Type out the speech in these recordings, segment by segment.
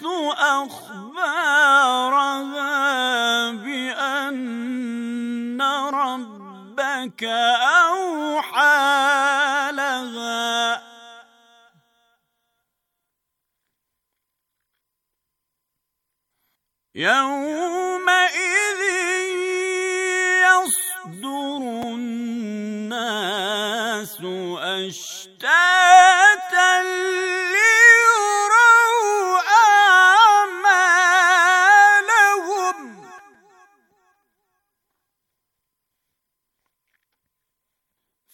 يبعث أخبارها بأن ربك أوحى لها يوم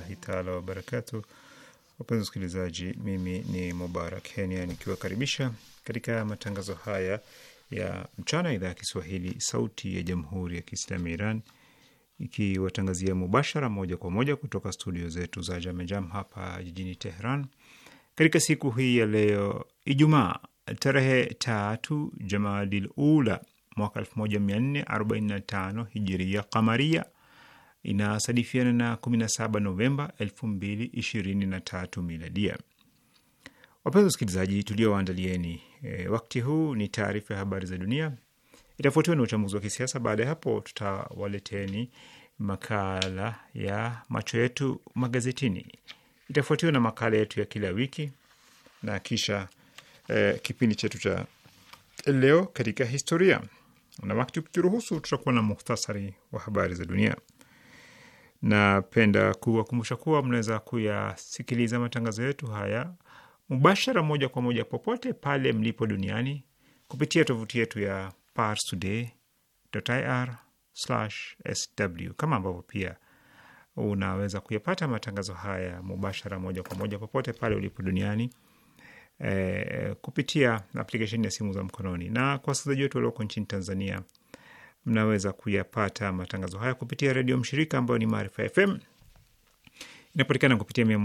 rahmatullahi taala wabarakatu. Wapenzi wasikilizaji, mimi ni Mubarak Kenya nikiwakaribisha katika matangazo haya ya mchana ya idhaa ya Kiswahili sauti ya jamhuri ya Kiislamu ya Iran ikiwatangazia mubashara moja kwa moja kutoka studio zetu za Jamejam hapa jijini Tehran katika siku hii ya leo Ijumaa tarehe tatu Jamadil Ula mwaka 1445 hijiria kamaria inasadifiana na 17 Novemba 2023 miladia. Wapenzi wasikilizaji, tuliowaandalieni e, wakti huu ni taarifa ya habari za dunia, itafuatiwa na uchambuzi wa kisiasa. Baada ya hapo, tutawaleteni makala ya macho yetu magazetini, itafuatiwa na makala yetu ya kila wiki na kisha e, kipindi chetu cha leo katika historia, na wakati ukituruhusu, tutakuwa na muhtasari wa habari za dunia. Napenda kuwakumbusha kuwa mnaweza kuyasikiliza matangazo yetu haya mubashara, moja kwa moja, popote pale mlipo duniani kupitia tovuti yetu ya parstoday.ir/sw, kama ambavyo pia unaweza kuyapata matangazo haya mubashara, moja kwa moja, popote pale ulipo duniani e, kupitia aplikesheni ya simu za mkononi. Na kwa wasikilizaji wetu walioko nchini Tanzania mnaweza kuyapata matangazo haya kupitia redio mshirika ambayo ni Maarifa FM, inapatikana kupitia mia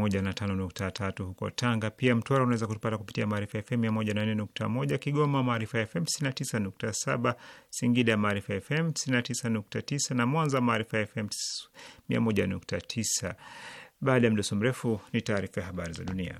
huko Tanga. Pia Mtwara unaweza kutupata kupitia Maarifa FM mia Kigoma Maarifa FM 99.7, Singida Maarifa FM 999 na Mwanza Maarifa FM mia Baada ya mdoso mrefu ni taarifa ya habari za dunia.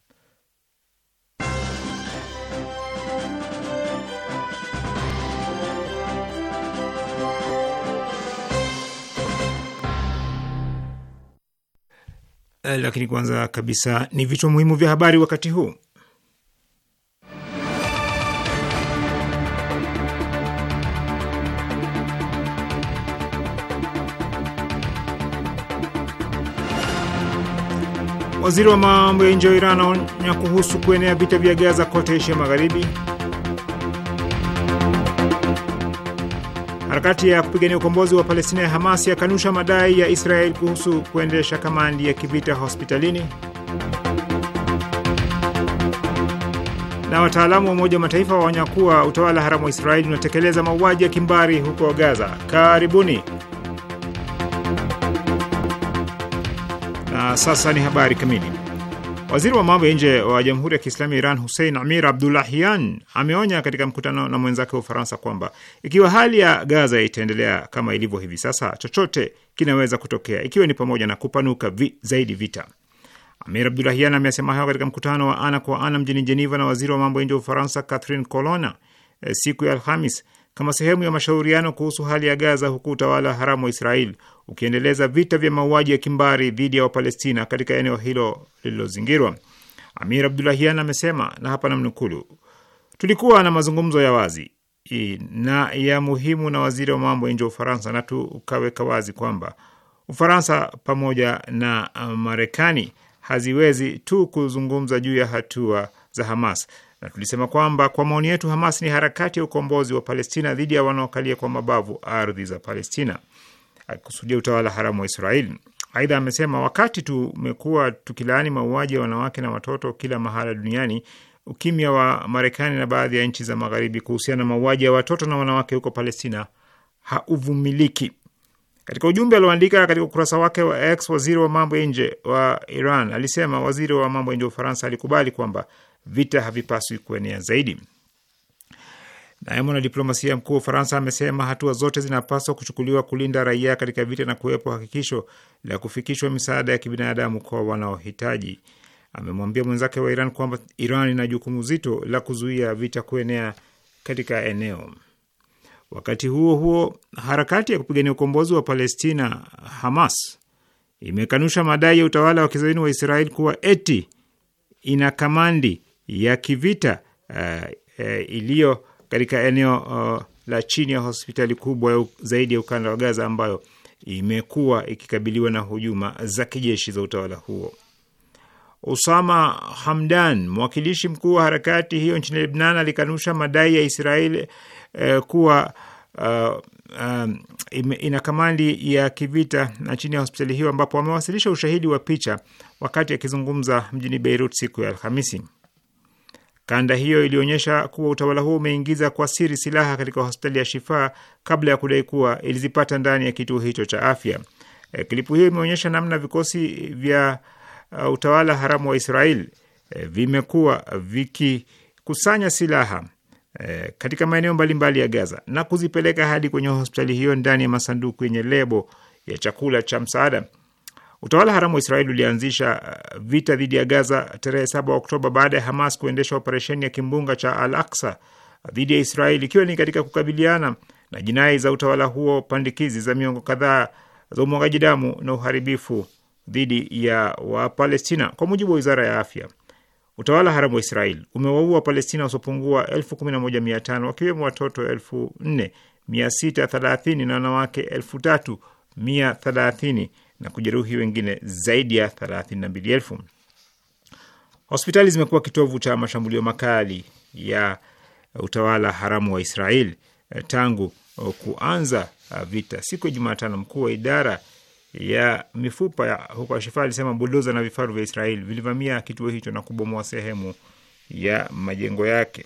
Eh, lakini kwanza kabisa ni vichwa muhimu vya habari wakati huu. Waziri wa mambo ya nje wa Iran aonya kuhusu kuenea vita vya Gaza kote Asia Magharibi. Harakati ya kupigania ukombozi wa Palestina ya Hamas yakanusha madai ya Israel kuhusu kuendesha kamandi ya kivita hospitalini. Na wataalamu wa Umoja wa Mataifa waonya kuwa utawala haramu wa Israeli unatekeleza mauaji ya kimbari huko Gaza. Karibuni na sasa ni habari kamili. Waziri wa mambo ya nje wa Jamhuri ya Kiislamu ya Iran Hussein Amir Abdulahian ameonya katika mkutano na mwenzake wa Ufaransa kwamba ikiwa hali ya Gaza itaendelea kama ilivyo hivi sasa, chochote kinaweza kutokea, ikiwa ni pamoja na kupanuka vi, zaidi vita. Amir Abdulahian amesema hayo katika mkutano wa ana kwa ana mjini Jeneva na waziri wa mambo ya nje wa Ufaransa Catherine Colonna eh, siku ya Alhamis kama sehemu ya mashauriano kuhusu hali ya Gaza, huku utawala wa haramu wa Israel ukiendeleza vita vya mauaji ya kimbari dhidi ya Wapalestina katika eneo hilo lililozingirwa. Amir Abdulahian amesema, na hapa namnukulu, tulikuwa na mazungumzo ya wazi na ya muhimu na waziri wa mambo ya nje wa Ufaransa na tukaweka wazi kwamba Ufaransa pamoja na Marekani haziwezi tu kuzungumza juu ya hatua za Hamas na tulisema kwamba kwa maoni yetu Hamas ni harakati ya ukombozi wa Palestina dhidi ya wanaokalia kwa mabavu ardhi za Palestina, akikusudia utawala haramu wa Israeli. Aidha amesema wakati tumekuwa tukilaani mauaji ya wanawake na watoto kila mahala duniani, ukimya wa Marekani na baadhi ya nchi za Magharibi kuhusiana na mauaji ya watoto na wanawake huko Palestina hauvumiliki. Katika ujumbe alioandika katika ukurasa wake wa X, waziri wa mambo ya nje wa Iran alisema waziri wa mambo ya nje wa Ufaransa alikubali kwamba vita havipaswi kuenea zaidi. Naye mwanadiplomasia mkuu wa Ufaransa amesema hatua zote zinapaswa kuchukuliwa kulinda raia katika vita na kuwepo hakikisho la kufikishwa misaada ya kibinadamu kwa wanaohitaji. Amemwambia mwenzake wa Iran kwamba Iran ina jukumu zito la kuzuia vita kuenea katika eneo. Wakati huo huo, harakati ya kupigania ukombozi wa Palestina Hamas imekanusha madai ya utawala wa kizayuni wa israel kuwa eti ina kamandi ya kivita uh, uh, iliyo katika eneo uh, la chini ya hospitali kubwa ya zaidi ya ukanda wa Gaza ambayo imekuwa ikikabiliwa na hujuma za kijeshi za utawala huo. Usama Hamdan, mwakilishi mkuu wa harakati hiyo nchini Lebnan, alikanusha madai ya Israeli eh, kuwa uh, um, ina kamandi ya kivita na chini ya hospitali hiyo, ambapo amewasilisha ushahidi wa picha wakati akizungumza mjini Beirut siku ya Alhamisi. Kanda hiyo ilionyesha kuwa utawala huo umeingiza kwa siri silaha katika hospitali ya Shifa kabla ya kudai kuwa ilizipata ndani ya kituo hicho cha afya. E, klipu hiyo imeonyesha namna vikosi vya uh, utawala haramu wa Israel e, vimekuwa vikikusanya silaha e, katika maeneo mbalimbali ya Gaza na kuzipeleka hadi kwenye hospitali hiyo ndani ya masanduku yenye lebo ya chakula cha msaada. Utawala haramu wa Israeli ulianzisha uh, vita dhidi ya Gaza tarehe 7 Oktoba baada ya Hamas kuendesha operesheni ya kimbunga cha Al Aksa dhidi ya Israeli, ikiwa ni katika kukabiliana na jinai za utawala huo pandikizi za miongo kadhaa za umwagaji damu na uharibifu dhidi ya Wapalestina. Kwa mujibu wa wizara ya afya, utawala haramu wa Israeli umewaua Wapalestina wasiopungua 11,500 wakiwemo watoto 4,630 na wanawake 3,130 na kujeruhi wengine zaidi ya 32,000. Hospitali zimekuwa kitovu cha mashambulio makali ya utawala haramu wa Israel eh, tangu eh, kuanza eh, vita. Siku ya Jumatano, mkuu wa idara ya mifupa ya huko Ashifa alisema buldoza na vifaru vya Israel vilivamia kituo hicho na kubomoa sehemu ya majengo yake.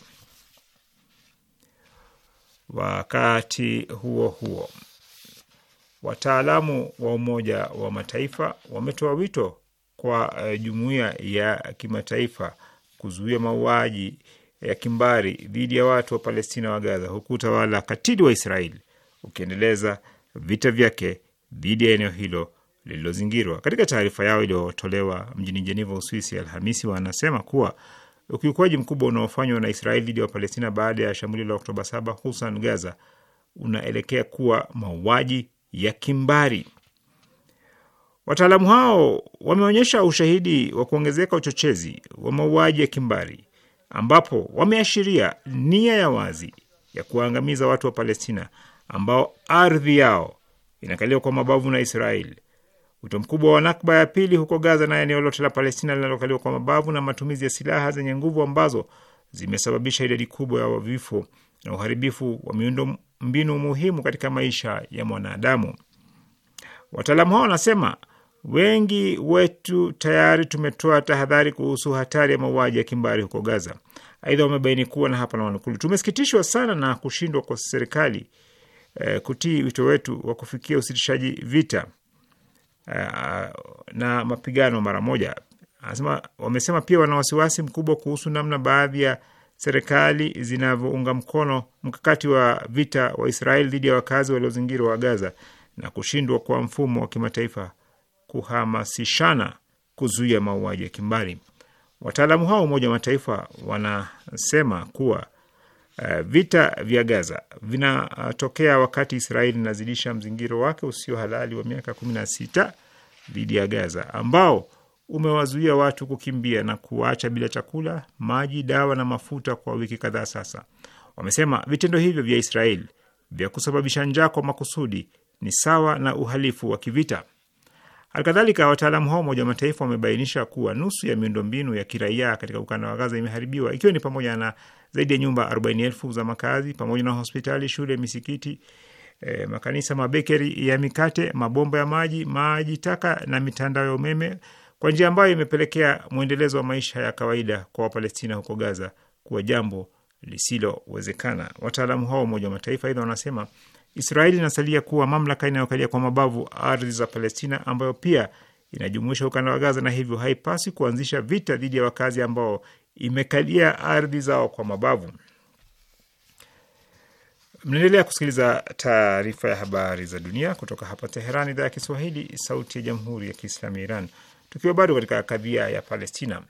Wakati huo huo Wataalamu wa Umoja wa Mataifa wametoa wito kwa eh, jumuiya ya kimataifa kuzuia mauaji ya kimbari dhidi ya watu wa Palestina wa Gaza, huku utawala katili wa Israeli ukiendeleza vita vyake dhidi ya eneo hilo lililozingirwa. Katika taarifa yao iliyotolewa mjini Jeneva, Uswisi, Alhamisi, wanasema kuwa ukiukwaji mkubwa unaofanywa na Israeli dhidi ya Wapalestina baada ya shambulio la Oktoba 7 hususan Gaza unaelekea kuwa mauaji ya kimbari. Wataalamu hao wameonyesha ushahidi wa kuongezeka uchochezi wa mauaji ya kimbari, ambapo wameashiria nia ya wazi ya kuwaangamiza watu wa Palestina ambao ardhi yao inakaliwa kwa mabavu na Israeli. Wito mkubwa wa Nakba ya pili huko Gaza na eneo lote la Palestina linalokaliwa kwa mabavu na matumizi ya silaha zenye nguvu ambazo zimesababisha idadi kubwa ya vifo na uharibifu wa miundo mbinu muhimu katika maisha ya mwanadamu. Wataalamu hao wanasema wengi wetu tayari tumetoa tahadhari kuhusu hatari ya mauaji ya kimbari huko Gaza. Aidha, wamebaini kuwa na hapa na wanukulu, tumesikitishwa sana na kushindwa kwa serikali eh, kutii wito wetu wa kufikia usitishaji vita eh, na mapigano mara moja. Anasema, wamesema pia wana wasiwasi mkubwa kuhusu namna baadhi ya serikali zinavyounga mkono mkakati wa vita wa Israeli dhidi ya wakazi waliozingirwa wa Gaza na kushindwa kwa mfumo wa kimataifa kuhamasishana kuzuia mauaji ya kimbari. Wataalamu hao wa Umoja wa Mataifa wanasema kuwa uh, vita vya Gaza vinatokea wakati Israeli inazidisha mzingiro wake usio halali wa miaka kumi na sita dhidi ya Gaza ambao umewazuia watu kukimbia na kuwaacha bila chakula, maji, dawa na mafuta kwa wiki kadhaa sasa. Wamesema vitendo hivyo vya Israel vya kusababisha njaa kwa makusudi ni sawa na uhalifu wa kivita. Halikadhalika, wataalamu hao wa Umoja wa Mataifa wamebainisha kuwa nusu ya miundombinu ya kiraia katika ukanda wa Gaza imeharibiwa ikiwa ni pamoja na zaidi ya nyumba 40,000 za makazi pamoja na hospitali, shule, misikiti, eh, makanisa, mabekeri ya mikate, mabomba ya maji, maji taka na mitandao ya umeme kwa njia ambayo imepelekea mwendelezo wa maisha ya kawaida kwa Wapalestina huko Gaza kuwa jambo lisilowezekana. Wataalamu hao wa Umoja wa Mataifa aidha wanasema Israeli inasalia kuwa mamlaka inayokalia kwa mabavu ardhi za Palestina, ambayo pia inajumuisha ukanda wa Gaza na hivyo haipasi kuanzisha vita dhidi ya wakazi ambao imekalia ardhi zao kwa mabavu. Mnaendelea kusikiliza taarifa ya habari za dunia kutoka hapa Teheran, idhaa ya Kiswahili, sauti ya jamhuri ya kiislamu ya Iran. Tukiwa bado katika kadhia ya Palestina,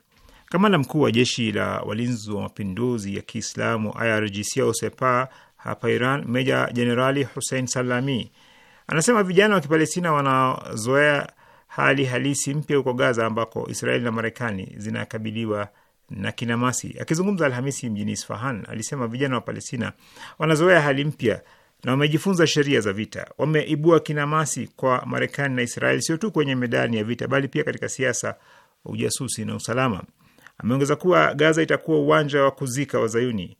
kamanda mkuu wa jeshi la walinzi wa mapinduzi ya Kiislamu IRGC au hapa Iran, meja jenerali Hussein Salami anasema vijana wa Kipalestina wanazoea hali halisi mpya huko Gaza ambako Israeli na Marekani zinakabiliwa na kinamasi. Akizungumza Alhamisi mjini Isfahan, alisema vijana wa Palestina wanazoea hali mpya na wamejifunza sheria za vita. Wameibua kinamasi kwa Marekani na Israeli, sio tu kwenye medani ya vita, bali pia katika siasa, ujasusi na usalama. Ameongeza kuwa Gaza itakuwa uwanja wa kuzika Wazayuni.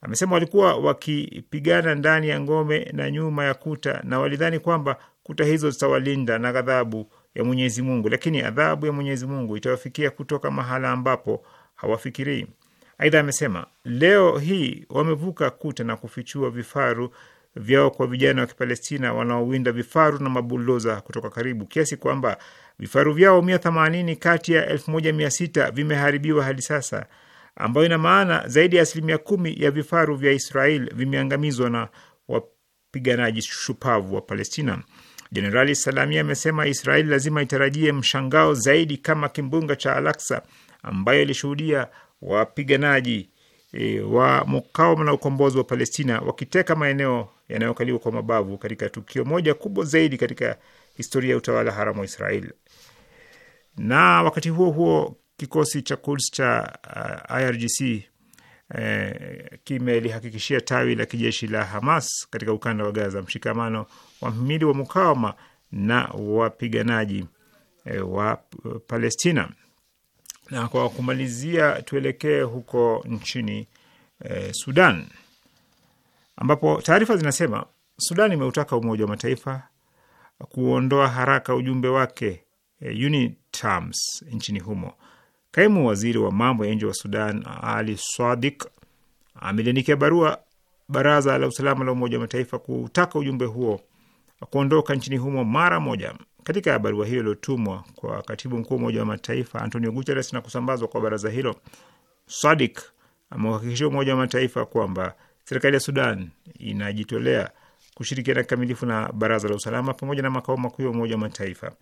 Amesema walikuwa wakipigana ndani ya ngome na nyuma ya kuta, na walidhani kwamba kuta hizo zitawalinda na ghadhabu ya Mwenyezi Mungu, lakini adhabu ya Mwenyezi Mungu itawafikia kutoka mahala ambapo hawafikirii. Aidha amesema leo hii wamevuka kuta na kufichua vifaru vyao kwa vijana wa Kipalestina wanaowinda vifaru na mabuldoza kutoka karibu, kiasi kwamba vifaru vyao mia kati ya elfu moja mia sita vimeharibiwa hadi sasa, ambayo ina maana zaidi ya asilimia kumi ya vifaru vya Israel vimeangamizwa na wapiganaji shupavu wa Palestina. Jenerali Salami amesema israel lazima itarajie mshangao zaidi kama kimbunga cha alaksa ambayo ilishuhudia wapiganaji e, wa mukawama na ukombozi wa Palestina wakiteka maeneo yanayokaliwa kwa mabavu katika tukio moja kubwa zaidi katika historia ya utawala haramu wa Israel. Na wakati huo huo kikosi cha Quds cha uh, IRGC eh, uh, kimelihakikishia tawi la kijeshi la Hamas katika ukanda wa Gaza mshikamano wa mhimili wa mukawama na wapiganaji uh, wa Palestina. Na kwa kumalizia, tuelekee huko nchini eh, Sudan ambapo taarifa zinasema Sudan imeutaka Umoja wa Mataifa kuondoa haraka ujumbe wake eh, UNITAMS nchini humo. Kaimu waziri wa mambo ya nje wa Sudan Ali sadik ameliandikia barua Baraza la Usalama la Umoja wa Mataifa kutaka ujumbe huo kuondoka nchini humo mara moja katika barua hiyo iliyotumwa kwa katibu mkuu wa Umoja wa Mataifa Antonio Guterres na kusambazwa kwa baraza hilo, Sadik ameuhakikishia Umoja wa Mataifa kwamba serikali ya Sudan inajitolea kushirikiana kikamilifu na Baraza la Usalama pamoja na makao makuu ya Umoja wa Mataifa.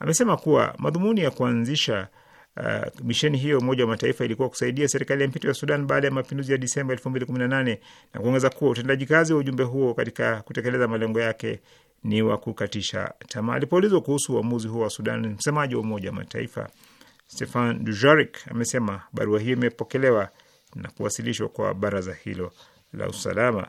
Amesema kuwa madhumuni ya kuanzisha uh, misheni hiyo ya Umoja wa Mataifa ilikuwa kusaidia serikali ya mpito ya Sudan baada ya mapinduzi ya Disemba 2018 na kuongeza kuwa utendaji kazi wa ujumbe huo katika kutekeleza malengo yake ni wa kukatisha tamaa. Alipoulizwa kuhusu uamuzi huo wa Sudan, msemaji wa Umoja wa Mataifa Stefan Dujarik amesema barua hiyo imepokelewa na kuwasilishwa kwa baraza hilo la usalama.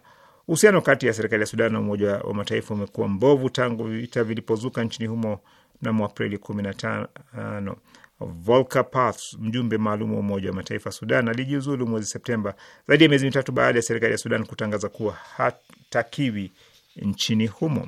Uhusiano kati ya serikali ya Sudan na Umoja wa Mataifa umekuwa mbovu tangu vita vilipozuka nchini humo mnamo Aprili 15. Volker Perthes, mjumbe maalum wa Umoja wa Mataifa Sudan, alijiuzulu mwezi Septemba, zaidi ya miezi mitatu baada ya serikali ya Sudan kutangaza kuwa hatakiwi nchini humo.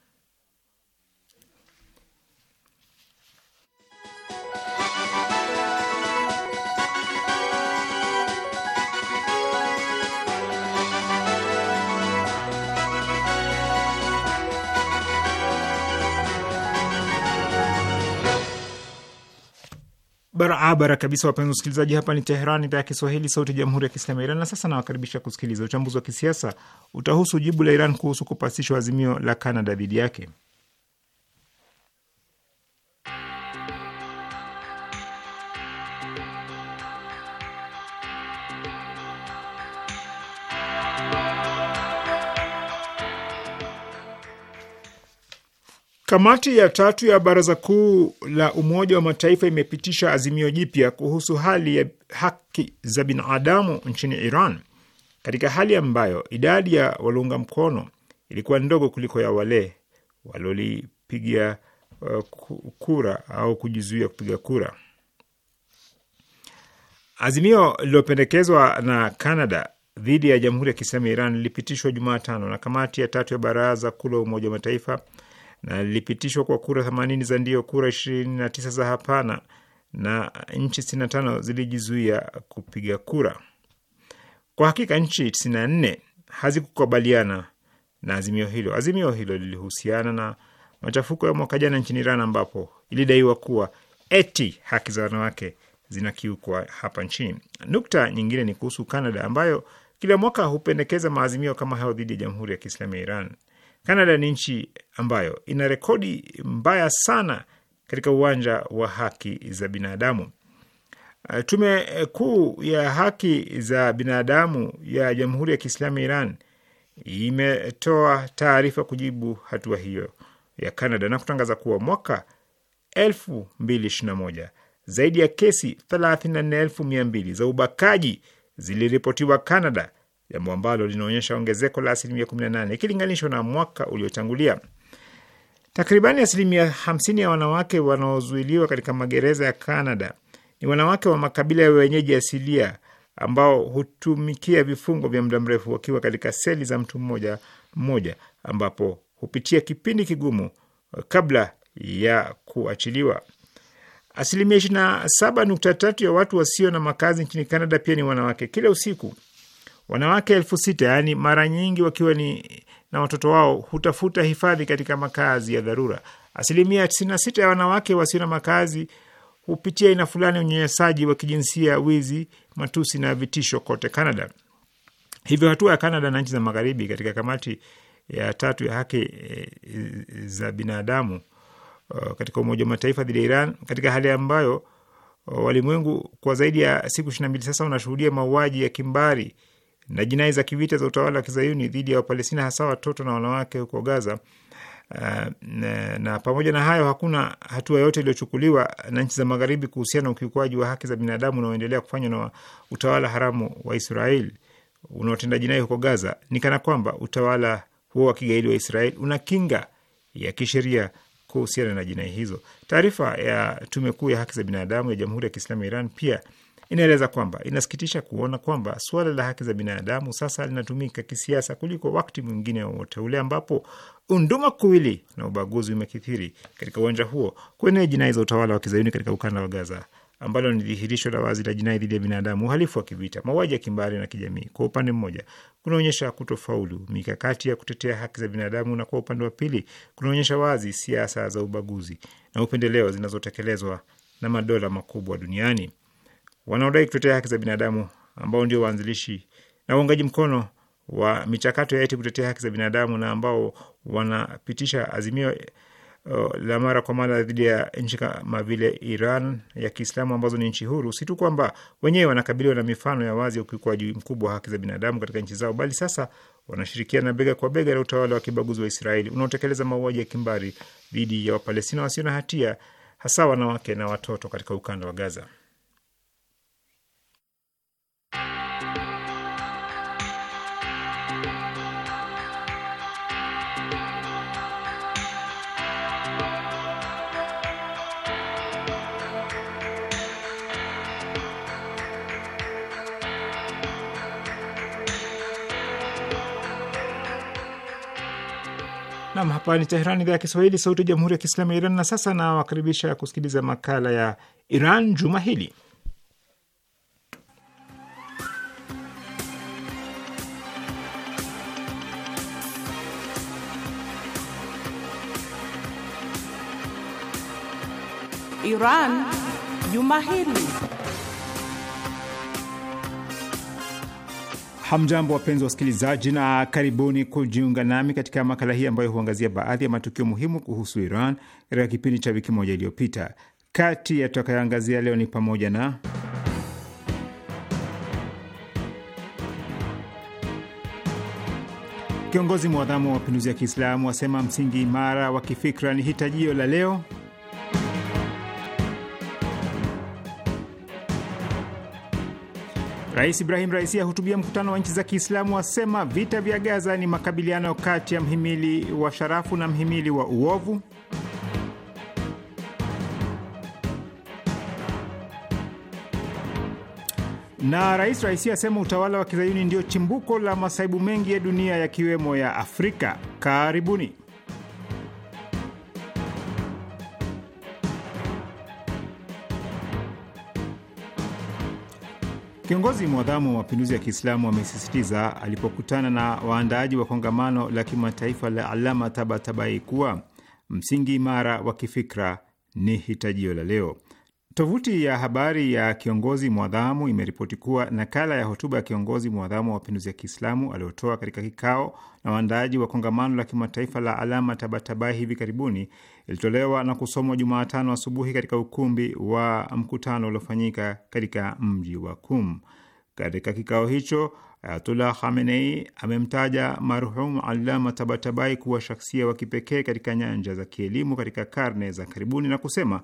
barabara kabisa, wapenzi wasikilizaji. Hapa ni Teheran, idhaa ya Kiswahili, sauti ya jamhuri ya kiislamu ya Iran. Na sasa nawakaribisha kusikiliza uchambuzi wa kisiasa. Utahusu jibu la Iran kuhusu kupasishwa azimio la canada dhidi yake. Kamati ya tatu ya Baraza Kuu la Umoja wa Mataifa imepitisha azimio jipya kuhusu hali ya haki za binadamu nchini Iran katika hali ambayo idadi ya waliunga mkono ilikuwa ndogo kuliko ya wale waliolipigia uh, kura au kujizuia kupiga kura. Azimio lililopendekezwa na Canada dhidi ya Jamhuri ya Kiislamu ya Iran lilipitishwa Jumatano na kamati ya tatu ya Baraza Kuu la Umoja wa Mataifa na lilipitishwa kwa kura 80 za ndio, kura 29 za hapana, na nchi 65 zilijizuia kupiga kura. Kwa hakika nchi 94 hazikukubaliana na azimio hilo. Azimio hilo lilihusiana na machafuko ya mwaka jana nchini Iran, ambapo ilidaiwa kuwa eti haki za wanawake zinakiukwa hapa nchini. Nukta nyingine ni kuhusu Canada ambayo kila mwaka hupendekeza maazimio kama hayo dhidi ya Jamhuri ya Kiislamu ya Iran. Kanada ni nchi ambayo ina rekodi mbaya sana katika uwanja wa haki za binadamu. Uh, tume Kuu ya Haki za Binadamu ya Jamhuri ya Kiislamu ya Iran imetoa taarifa kujibu hatua hiyo ya Kanada na kutangaza kuwa mwaka 2021 zaidi ya kesi 34200 za ubakaji ziliripotiwa Kanada jambo ambalo linaonyesha ongezeko la asilimia 18 ikilinganishwa na mwaka uliotangulia. Takribani asilimia 50 ya wanawake wanaozuiliwa katika magereza ya Kanada ni wanawake wa makabila ya wenyeji asilia ambao hutumikia vifungo vya muda mrefu wakiwa katika seli za mtu mmoja mmoja, ambapo hupitia kipindi kigumu kabla ya kuachiliwa. Asilimia 27.3 ya watu wasio na makazi nchini Kanada pia ni wanawake. Kila usiku Wanawake elfu sita yaani mara nyingi wakiwa ni na watoto wao hutafuta hifadhi katika makazi ya dharura. Asilimia 96 ya wanawake wasio na makazi hupitia aina fulani ya unyanyasaji wa kijinsia, wizi, matusi na vitisho kote Canada. Hivyo hatua ya Canada na nchi za magharibi katika kamati ya tatu ya haki eh, za binadamu eh, katika Umoja wa Mataifa dhidi ya Iran katika hali ambayo eh, walimwengu kwa zaidi ya siku 22 sasa wanashuhudia mauaji ya kimbari na jinai za kivita za utawala wa kizayuni dhidi ya Wapalestina, hasa watoto na wanawake huko Gaza. Uh, na, na pamoja na hayo hakuna hatua yoyote iliyochukuliwa na nchi za magharibi kuhusiana na ukiukwaji wa haki za binadamu unaoendelea kufanywa na utawala haramu wa Israel unaotenda jinai huko Gaza. Ni kana kwamba utawala huo wa kigaidi wa Israel una kinga ya kisheria kuhusiana na jinai hizo. Taarifa ya tume kuu ya haki za binadamu ya Jamhuri ya Kiislamu ya Iran pia Inaeleza kwamba inasikitisha kuona kwamba suala la haki za binadamu sasa linatumika kisiasa kuliko wakati mwingine wowote ule ambapo unduma kuwili na ubaguzi umekithiri katika uwanja huo. Kuenea jinai za utawala wa kizayuni katika ukanda wa Gaza ambalo ni dhihirisho la wazi la jinai dhidi ya binadamu, uhalifu wa kivita, mauaji ya kimbari na kijamii, kwa upande mmoja kunaonyesha kutofaulu mikakati ya kutetea haki za binadamu, na kwa upande wa pili kunaonyesha wazi siasa za ubaguzi na upendeleo zinazotekelezwa na madola makubwa duniani wanaodai kutetea haki za binadamu ambao ndio waanzilishi na uungaji mkono wa michakato ya eti kutetea haki za binadamu na ambao wanapitisha azimio uh, la mara kwa mara dhidi ya nchi kama vile Iran ya Kiislamu ambazo ni nchi huru, si tu kwamba wenyewe wanakabiliwa na mifano ya wazi ya ukiukwaji mkubwa wa haki za binadamu katika nchi zao, bali sasa wanashirikiana bega kwa bega na utawala wa kibaguzi wa Israeli unaotekeleza mauaji ya kimbari dhidi ya Wapalestina wasio na hatia, hasa wanawake na watoto katika ukanda wa Gaza. Nam, hapa ni Teheran, idhaa ya Kiswahili, sauti ya jamhuri ya kiislamu ya Iran. Na sasa nawakaribisha kusikiliza makala ya Iran juma hili. Iran juma hili Hamjambo, wapenzi wa wasikilizaji, na karibuni kujiunga nami katika makala hii ambayo huangazia baadhi ya matukio muhimu kuhusu Iran katika kipindi cha wiki moja iliyopita. Kati ya tutakayoangazia leo ni pamoja na kiongozi mwadhamu wa mapinduzi ya Kiislamu asema msingi imara wa kifikra ni hitajio la leo Rais Ibrahim Raisi ahutubia mkutano wa nchi za Kiislamu asema vita vya Gaza ni makabiliano kati ya mhimili wa sharafu na mhimili wa uovu. Na Rais Raisi asema utawala wa kizayuni ndio chimbuko la masaibu mengi ya dunia yakiwemo ya Afrika. Karibuni. Kiongozi mwadhamu wa mapinduzi ya Kiislamu amesisitiza alipokutana na waandaaji wa kongamano la kimataifa la Alama Tabatabai kuwa msingi imara wa kifikra ni hitajio la leo. Tovuti ya habari ya kiongozi mwadhamu imeripoti kuwa nakala ya hotuba ya kiongozi mwadhamu wa mapinduzi ya Kiislamu aliyotoa katika kikao na waandaaji wa kongamano la kimataifa la Alama Tabatabai hivi karibuni ilitolewa na kusomwa Jumatano asubuhi katika ukumbi wa mkutano uliofanyika katika mji wa Kum. Katika kikao hicho, Ayatullah Khamenei amemtaja marhum Allama Tabatabai kuwa shaksia wa kipekee katika nyanja za kielimu katika karne za karibuni na kusema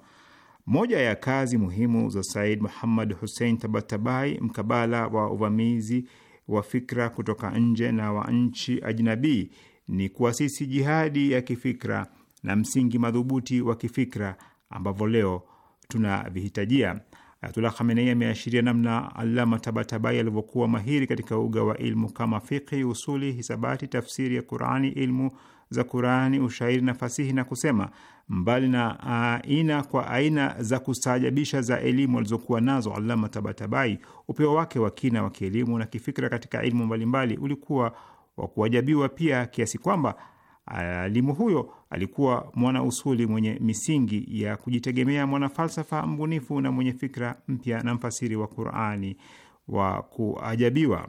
moja ya kazi muhimu za Said Muhammad Hussein Tabatabai mkabala wa uvamizi wa fikra kutoka nje na wa nchi ajnabii ni kuasisi jihadi ya kifikra na msingi madhubuti wa kifikra ambavyo leo tunavihitajia. Ayatullah Khamenei ameashiria namna Allama Tabatabai alivyokuwa mahiri katika uga wa ilmu kama fiqhi, usuli, hisabati, tafsiri ya Qurani, ilmu za Qurani, ushairi na fasihi, na kusema mbali na aina uh, kwa aina za kustaajabisha za elimu alizokuwa nazo Allama Tabatabai, upeo wake wa kina wa kielimu na kifikra katika ilmu mbalimbali ulikuwa wa kuajabiwa pia, kiasi kwamba Alimu huyo alikuwa mwana usuli mwenye misingi ya kujitegemea, mwanafalsafa mbunifu na mwenye fikra mpya na mfasiri wa Qurani wa kuajabiwa.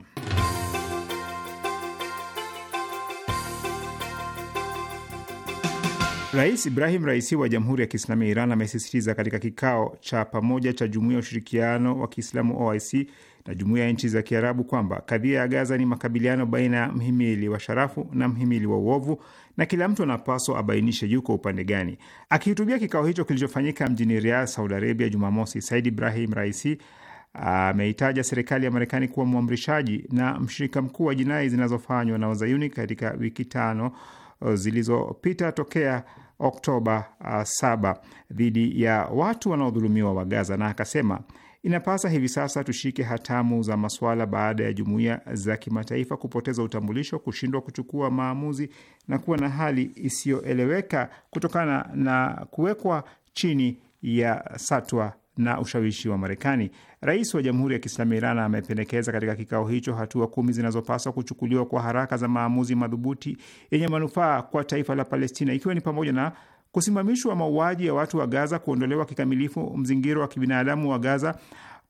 Rais Ibrahim Raisi wa Jamhuri ya Kiislamu ya Iran amesisitiza katika kikao cha pamoja cha Jumuiya ya Ushirikiano wa Kiislamu OIC na Jumuiya ya Nchi za Kiarabu kwamba kadhia ya Gaza ni makabiliano baina ya mhimili wa sharafu na mhimili wa uovu na kila mtu anapaswa abainishe yuko upande gani. Akihutubia kikao hicho kilichofanyika mjini Riyadh, Saudi Arabia, Jumamosi, Said Ibrahim Raisi ameitaja serikali ya Marekani kuwa mwamrishaji na mshirika mkuu wa jinai zinazofanywa na wazayuni katika wiki tano uh, zilizopita tokea Oktoba 7 uh, dhidi ya watu wanaodhulumiwa wa Gaza, na akasema Inapasa hivi sasa tushike hatamu za masuala baada ya jumuiya za kimataifa kupoteza utambulisho, kushindwa kuchukua maamuzi na kuwa na hali isiyoeleweka kutokana na kuwekwa chini ya satwa na ushawishi wa Marekani. Rais wa Jamhuri ya Kiislamu Iran amependekeza katika kikao hicho hatua kumi zinazopaswa kuchukuliwa kwa haraka za maamuzi madhubuti yenye manufaa kwa taifa la Palestina, ikiwa ni pamoja na kusimamishwa mauaji ya watu wa Gaza, kuondolewa kikamilifu mzingiro wa kibinadamu wa Gaza,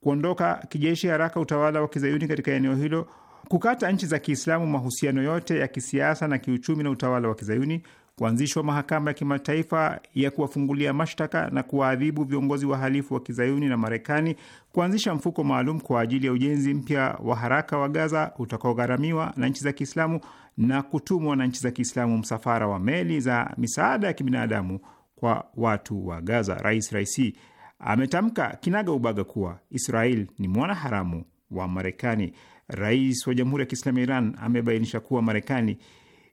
kuondoka kijeshi haraka utawala wa kizayuni katika eneo hilo, kukata nchi za Kiislamu mahusiano yote ya kisiasa na kiuchumi na utawala wa kizayuni, kuanzishwa mahakama ya kimataifa ya kuwafungulia mashtaka na kuwaadhibu viongozi wahalifu wa kizayuni na Marekani, kuanzisha mfuko maalum kwa ajili ya ujenzi mpya wa haraka wa Gaza utakaogharamiwa na nchi za Kiislamu na kutumwa na nchi za Kiislamu msafara wa meli za misaada ya kibinadamu kwa watu wa Gaza. Rais Raisi ametamka kinaga ubaga kuwa Israel ni mwanaharamu wa Marekani. Rais wa Jamhuri ya Kiislamu ya Iran amebainisha kuwa Marekani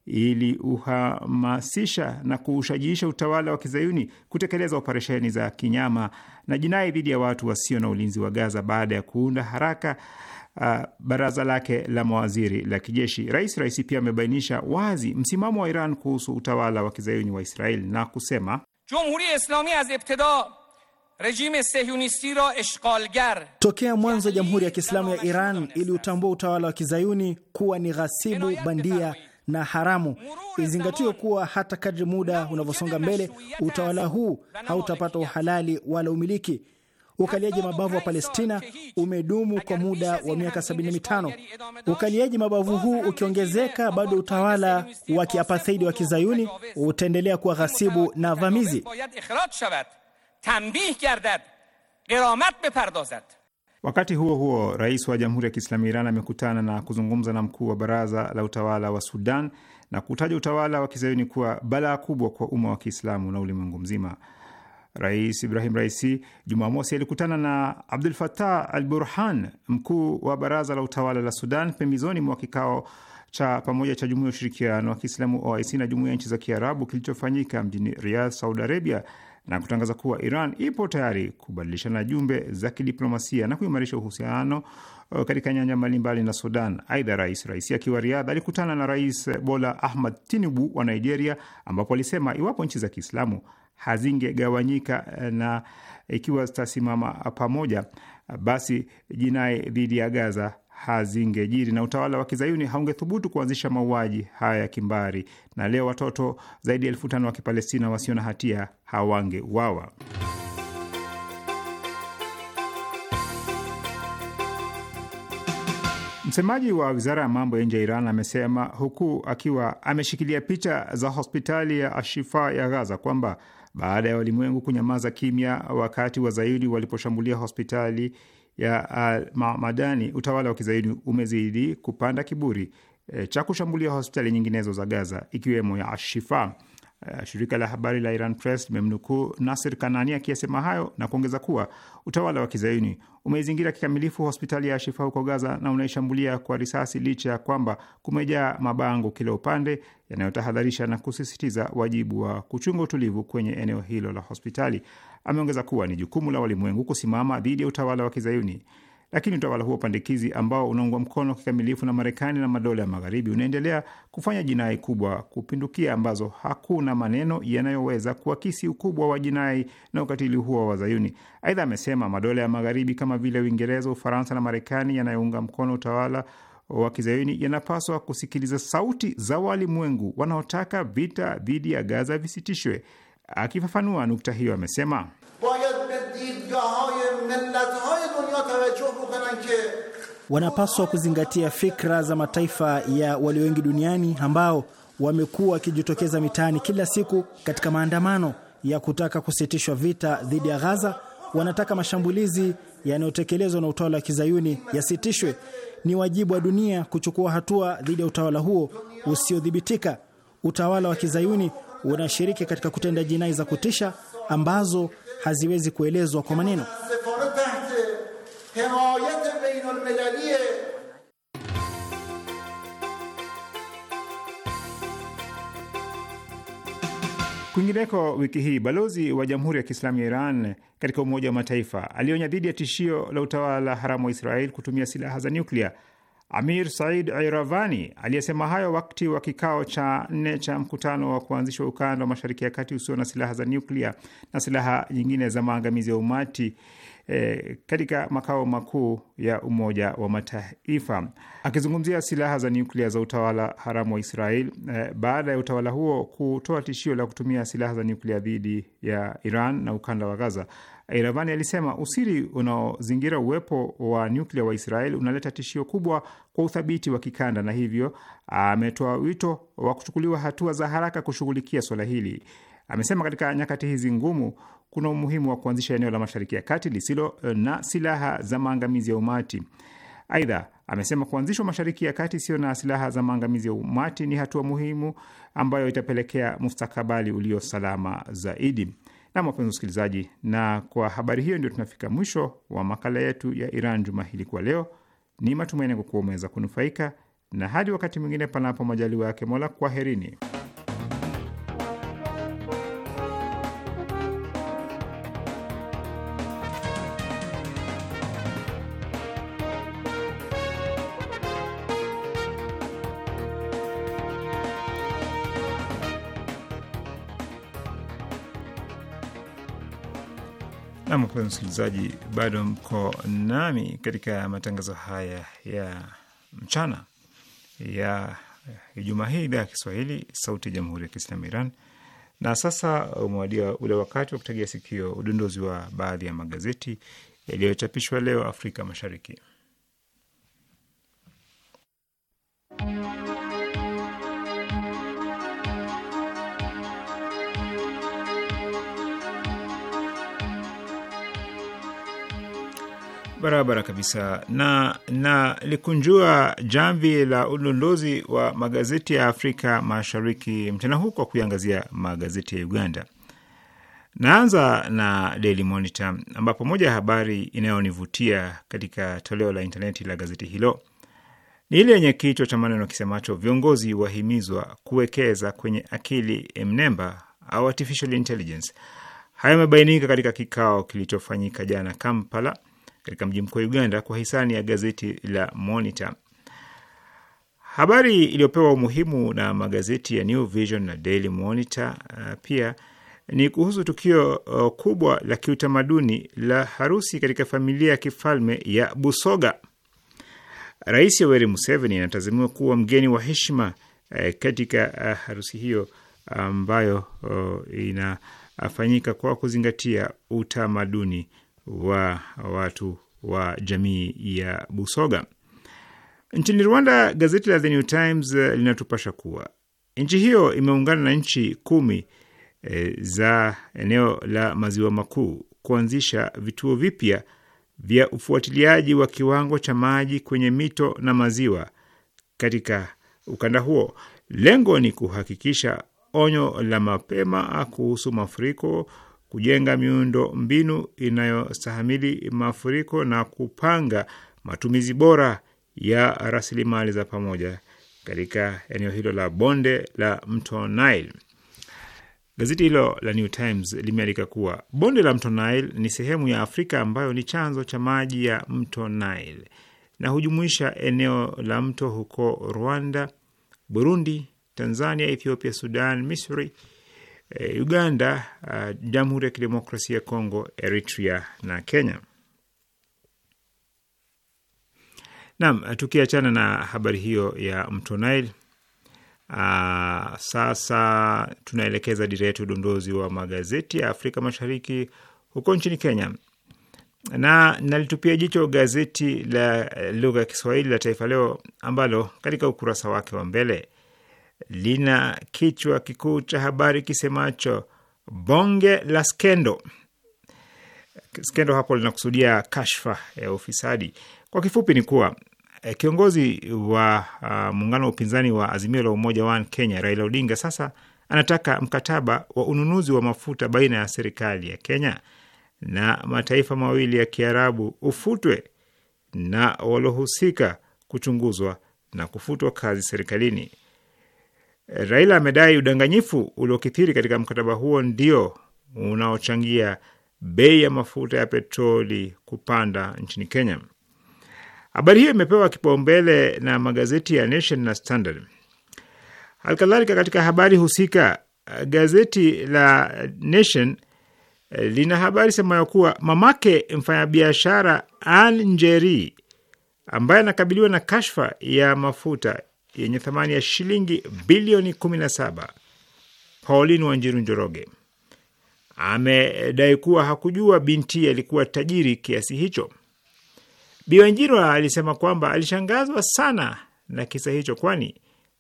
iliuhamasisha na kuushajiisha utawala wa kizayuni kutekeleza operesheni za kinyama na jinai dhidi ya watu wasio na ulinzi wa Gaza baada ya kuunda haraka uh, baraza lake la mawaziri la kijeshi. Rais Raisi pia amebainisha wazi msimamo wa Iran kuhusu utawala wa kizayuni wa israel na kusema Tokea mwanzo Jamhuri ya Kiislamu ya Iran iliutambua utawala wa kizayuni kuwa ni ghasibu, bandia na haramu. Izingatiwe kuwa hata kadri muda unavyosonga mbele, utawala huu hautapata uhalali wala umiliki. Ukaliaji mabavu wa Palestina umedumu kwa muda wa miaka 75. Ukaliaji mabavu huu ukiongezeka, bado utawala wa kiapatheidi wa kizayuni utaendelea kuwa ghasibu na vamizi. Wakati huo huo, rais wa Jamhuri ya Kiislamu Iran amekutana na kuzungumza na mkuu wa baraza la utawala wa Sudan na kutaja utawala wa kizayuni kuwa balaa kubwa kwa umma wa Kiislamu na ulimwengu mzima. Rais Ibrahim Raisi Jumamosi alikutana na Abdul Fatah Al Burhan, mkuu wa baraza la utawala la Sudan, pembezoni mwa kikao cha pamoja cha Jumuiya ya Ushirikiano wa Kiislamu OIC na Jumuiya ya Nchi za Kiarabu kilichofanyika mjini Riyadh, Saudi Arabia, na kutangaza kuwa Iran ipo tayari kubadilishana jumbe za kidiplomasia na kuimarisha uhusiano uh, katika nyanja mbalimbali na Sudan. Aidha, Rais Raisi akiwa Riadha alikutana na Rais Bola Ahmad Tinubu wa Nigeria, ambapo alisema iwapo nchi za Kiislamu hazingegawanyika eh, na ikiwa zitasimama pamoja, basi jinai dhidi ya Gaza hazingejiri na utawala wa kizayuni haungethubutu kuanzisha mauaji haya ya kimbari, na leo watoto zaidi ya elfu tano wa Kipalestina wasio na hatia hawangeuawa. Msemaji wa wizara ya mambo ya nje ya Iran amesema huku akiwa ameshikilia picha za hospitali ya Ashifa ya Gaza kwamba baada ya walimwengu kunyamaza kimya wakati wazayuni waliposhambulia hospitali ya Almadani, utawala wa kizayuni umezidi kupanda kiburi e, cha kushambulia hospitali nyinginezo za Gaza ikiwemo ya Ashifa. Eh, shirika la habari la Iran Press limemnukuu Nasir Kanani akiyasema hayo na kuongeza kuwa utawala wa kizayuni umeizingira kikamilifu hospitali ya Shifa huko Gaza na unaishambulia kwa risasi licha ya kwamba kumejaa mabango kila upande yanayotahadharisha na kusisitiza wajibu wa kuchunga utulivu kwenye eneo hilo la hospitali. Ameongeza kuwa ni jukumu la walimwengu kusimama dhidi ya utawala wa kizayuni. Lakini utawala huo pandikizi ambao unaungwa mkono kikamilifu na Marekani na madola ya Magharibi unaendelea kufanya jinai kubwa kupindukia ambazo hakuna maneno yanayoweza kuakisi ukubwa wa jinai na ukatili huo wa zayuni Aidha amesema madola ya Magharibi kama vile Uingereza, Ufaransa na Marekani yanayounga mkono utawala wa kizayuni yanapaswa kusikiliza sauti za walimwengu wanaotaka vita dhidi ya Gaza visitishwe. Akifafanua nukta hiyo amesema wanapaswa kuzingatia fikra za mataifa ya walio wengi duniani ambao wamekuwa wakijitokeza mitaani kila siku katika maandamano ya kutaka kusitishwa vita dhidi ya Ghaza. Wanataka mashambulizi yanayotekelezwa na utawala wa kizayuni yasitishwe. Ni wajibu wa dunia kuchukua hatua dhidi ya utawala huo usiodhibitika. Utawala wa kizayuni unashiriki katika kutenda jinai za kutisha ambazo haziwezi kuelezwa kwa maneno. حمایت بین المللی Kwingineko, wiki hii balozi wa Jamhuri ya Kiislamu ya Iran katika Umoja wa Mataifa alionya dhidi ya tishio la utawala haramu wa Israel kutumia silaha za nyuklia. Amir Said Iravani aliyesema hayo wakati wa kikao cha nne cha mkutano wa kuanzishwa ukanda wa Mashariki ya Kati usio na silaha za nyuklia na silaha nyingine za maangamizi ya umati e, katika makao makuu ya Umoja wa Mataifa. Akizungumzia silaha za nyuklia za utawala haramu wa Israel e, baada ya utawala huo kutoa tishio la kutumia silaha za nyuklia dhidi ya Iran na ukanda wa Gaza, Iravani alisema usiri unaozingira uwepo wa nyuklia wa Israel unaleta tishio kubwa kwa uthabiti wa kikanda, na hivyo ametoa wito wa kuchukuliwa hatua za haraka kushughulikia swala hili. Amesema katika nyakati hizi ngumu kuna umuhimu wa kuanzisha eneo la Mashariki ya Kati lisilo eh, na silaha za maangamizi ya umati. Aidha, amesema kuanzishwa Mashariki ya Kati isiyo na silaha za maangamizi ya umati ni hatua muhimu ambayo itapelekea mustakabali ulio salama zaidi. Na wapenzi wasikilizaji, na kwa habari hiyo ndio tunafika mwisho wa makala yetu ya Iran juma hili kwa leo. Ni matumaini yangu kuwa umeweza kunufaika, na hadi wakati mwingine, panapo majaliwa yake Mola, kwaherini. wapenzi msikilizaji, bado mko nami katika matangazo haya ya mchana ya Ijumaa hii, idhaa ya Kiswahili, Sauti ya Jamhuri ya Kiislamu Iran. Na sasa umewadia ule wakati wa kutegea sikio udondozi wa baadhi ya magazeti yaliyochapishwa leo Afrika Mashariki. barabara kabisa, na likunjua jamvi la udondozi wa magazeti ya Afrika Mashariki mchana huu kwa kuiangazia magazeti ya Uganda. Naanza na Daily Monitor ambapo moja ya habari inayonivutia katika toleo la intaneti la gazeti hilo ni ile yenye kichwa cha maneno kisemacho viongozi wahimizwa kuwekeza kwenye akili mnemba au artificial intelligence. Hayo yamebainika katika kikao kilichofanyika jana Kampala katika mji mkuu wa Uganda kwa hisani ya gazeti la Monitor. Habari iliyopewa umuhimu na magazeti ya New Vision na Daily Monitor uh, pia ni kuhusu tukio uh, kubwa la kiutamaduni la harusi katika familia ya kifalme ya Busoga. Rais Yoweri Museveni anatazamiwa kuwa mgeni wa heshima uh, katika harusi hiyo ambayo inafanyika kwa kuzingatia utamaduni wa watu wa jamii ya Busoga. Nchini Rwanda, gazeti la The New Times eh, linatupasha kuwa nchi hiyo imeungana na nchi kumi e, za eneo la maziwa makuu kuanzisha vituo vipya vya ufuatiliaji wa kiwango cha maji kwenye mito na maziwa katika ukanda huo. Lengo ni kuhakikisha onyo la mapema kuhusu mafuriko kujenga miundo mbinu inayostahimili mafuriko na kupanga matumizi bora ya rasilimali za pamoja katika eneo hilo la bonde la mto Nile. Gazeti hilo la New Times limeandika kuwa bonde la mto Nile ni sehemu ya Afrika ambayo ni chanzo cha maji ya mto Nile na hujumuisha eneo la mto huko Rwanda, Burundi, Tanzania, Ethiopia, Sudan, Misri, Eh, Uganda, uh, Jamhuri ya Kidemokrasia ya Kongo, Eritrea na Kenya. Naam, tukiachana na habari hiyo ya mto Nile, uh, sasa tunaelekeza dira yetu udondozi wa magazeti ya Afrika Mashariki huko nchini Kenya na nalitupia jicho gazeti la eh, lugha ya Kiswahili la Taifa Leo ambalo katika ukurasa wake wa mbele lina kichwa kikuu cha habari kisemacho bonge la skendo. Skendo hapo linakusudia kashfa ya ufisadi. Kwa kifupi ni kuwa eh, kiongozi wa uh, muungano wa upinzani wa Azimio la Umoja wa Kenya Raila Odinga sasa anataka mkataba wa ununuzi wa mafuta baina ya serikali ya Kenya na mataifa mawili ya Kiarabu ufutwe na waliohusika kuchunguzwa na kufutwa kazi serikalini. Raila amedai udanganyifu uliokithiri katika mkataba huo ndio unaochangia bei ya mafuta ya petroli kupanda nchini Kenya. Habari hiyo imepewa kipaumbele na magazeti ya Nation na Standard. Halikadhalika, katika habari husika, gazeti la Nation eh, lina habari semayo kuwa mamake mfanyabiashara Ann Njeri ambaye anakabiliwa na kashfa ya mafuta yenye thamani ya shilingi bilioni 17. Pauline Wanjiru Njoroge amedai kuwa hakujua binti alikuwa tajiri kiasi hicho. Bi Wanjiru alisema kwamba alishangazwa sana na kisa hicho, kwani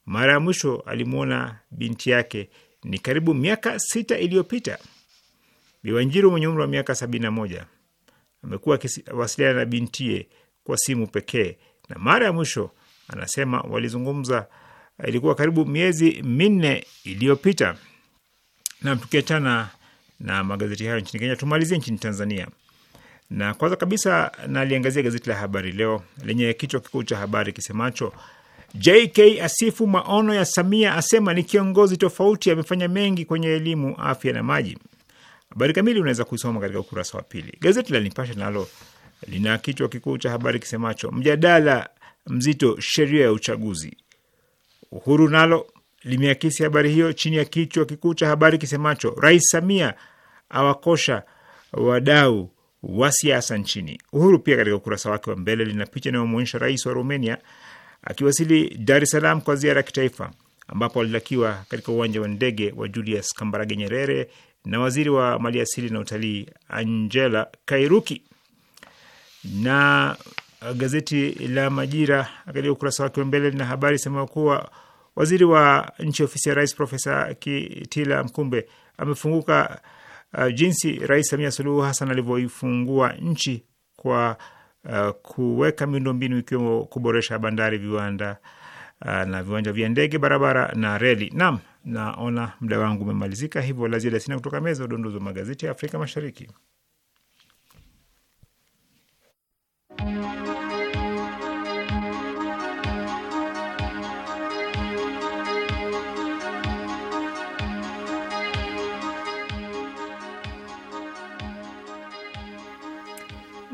mara ya mwisho alimwona binti yake ni karibu miaka sita iliyopita. Bi Wanjiru mwenye umri wa miaka sabini na moja amekuwa akiwasiliana na bintie kwa simu pekee na mara ya mwisho anasema walizungumza, ilikuwa karibu miezi minne iliyopita. Nam, tukiachana na magazeti hayo nchini Kenya, tumalizie nchini Tanzania na kwanza kabisa naliangazia gazeti la Habari Leo lenye kichwa kikuu cha habari kisemacho JK asifu maono ya Samia, asema ni kiongozi tofauti, amefanya mengi kwenye elimu, afya na maji. Habari kamili unaweza kuisoma katika ukurasa wa pili. Gazeti la Nipashe nalo lina kichwa kikuu cha habari kisemacho mjadala mzito sheria ya uchaguzi. Uhuru nalo limeakisi habari hiyo chini ya kichwa kikuu cha habari kisemacho Rais Samia awakosha wadau wa siasa nchini. Uhuru pia katika ukurasa wake wa mbele lina picha inayomwonyesha rais wa Romania akiwasili Dar es Salaam kwa ziara ya kitaifa, ambapo alilakiwa katika uwanja wa ndege wa Julius Kambarage Nyerere na waziri wa maliasili na utalii Angela Kairuki. Na Uh, gazeti la Majira katika ukurasa wake wa mbele lina habari sema kuwa waziri wa nchi ofisi ya rais Profesa Kitila Mkumbe amefunguka uh, jinsi Rais Samia Suluhu Hassan alivyoifungua nchi kwa uh, kuweka miundombinu ikiwemo kuboresha bandari, viwanda uh, na viwanja vya ndege, barabara na reli. Naam, naona muda wangu umemalizika, hivyo la ziada sina kutoka meza udondozi wa magazeti ya Afrika Mashariki.